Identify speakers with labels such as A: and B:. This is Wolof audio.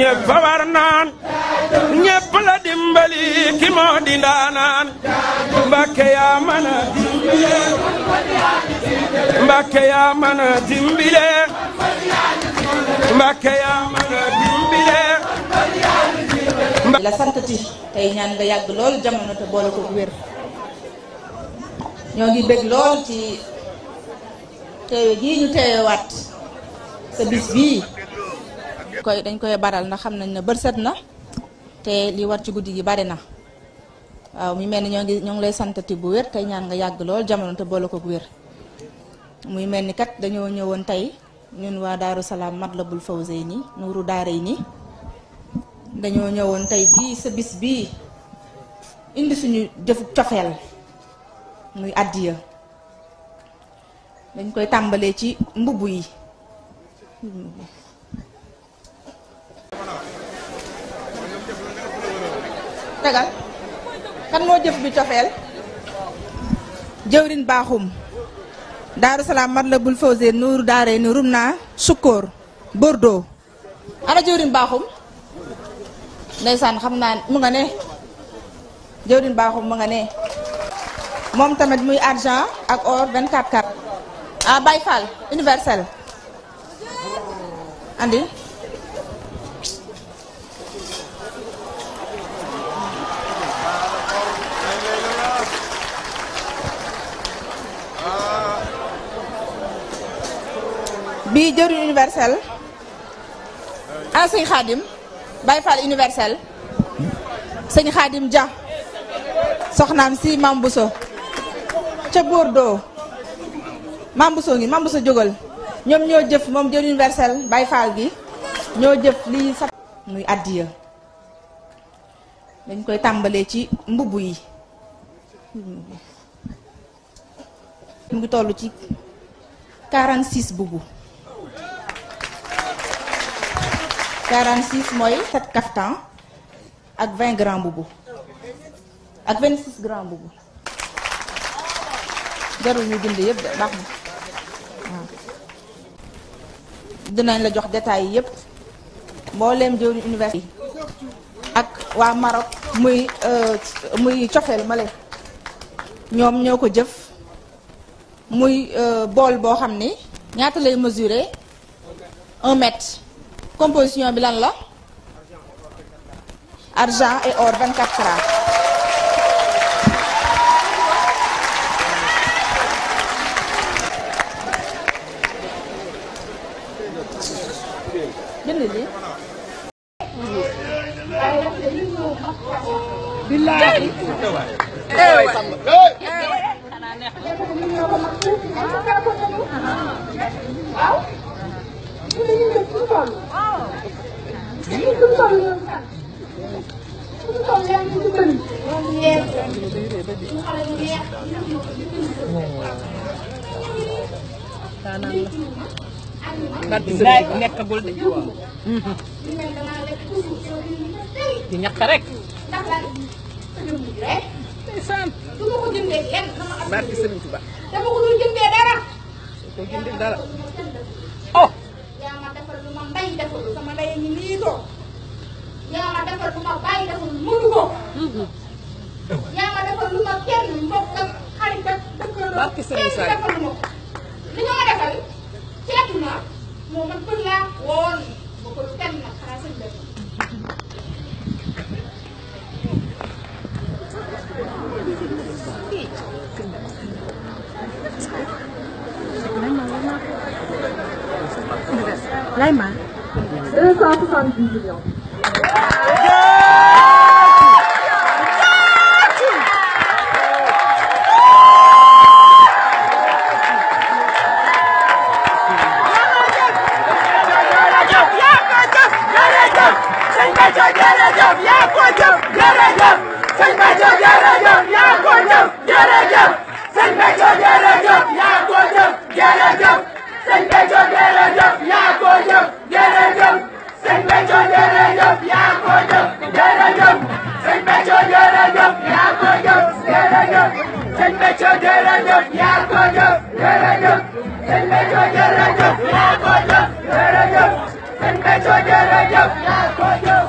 A: ñépp fa war naan ñépp la dimbali ki moo di ndaanaan Mbàkke yaa mën a dimbile Mbàkke yaa mën a dimbile Mbàkke yaa mën a dimbile la santati tey ñaan nga yàgg lool jamono te boole ko wér ñoo ngi bëgg lool ci teewe gii ñu teewewaat
B: sa bis bii
A: koy dañ koy baral ndax xam nañ ne set na te li war ci guddi gi bari na waaw mu mel ni ñoo ngi ñoo ngi lay santati bu wér tey ñaan nga yàgg lool jamono te boole ko wér muy mel ni kat dañoo ñëwoon tey ñun waa Daaru Salaam Matlabul Fawzeyni Nuuru Daareyni dañoo ñëwoon tey jii sa bis bii indi suñu jëfu cofeel muy àddiya dañ koy tàmbalee ci mbubb yi tegal kan moo jëf bi cofeel jëwrin baaxum Daaru Salaam Matlabul Fawzeyni Nuuru Daarayni Rumna Sukkoor Bordeaux. ana jëwriñ baaxum ndeysaan xam naa mu nga ne jëwriñ baaxum mu nga ne moom tamit muy argent ak or 24 karat ah Baye Fall universel andi bii jëriñ universel ah sëñ Xaadim Baye Fall universel sëñ Xaadim Dia soxnaam si Mambuso ca Bordeaux Mambuso ngi Mambuso jógal ñoom ñoo jëf moom jëriñ universel Baye gi ñoo jëf lii sa muy àddiya dañ koy tàmbalee ci mbubb yi mu ngi toll ci 46 bugu 46 mooy 7 kaftan ak 20 grand boubou ak 26 grand boubou jarul ñu bind yëpp de baax na waaw dinañ la jox détails yi yëpp mbooleem jëwriñ université ak waa Maroc muy euh, muy cofeel male ñoom ñoo ko jëf muy euh, bool boo xam ni ñaata lay mesurer un mètre composition bi la argent et or 24 carats jënd Bunu soruyorum sen. Bunu soruyorum. Bunu soruyorum. Bilaay nekkagul de. di rek. ndeysaan. du ma ko jëndee oh. barki Serigne Sall li nga ma defal ceetu na moom man pël laa woon ba ko kenn nag xanaa sëñ def Lay ma 270 millions jërëjëf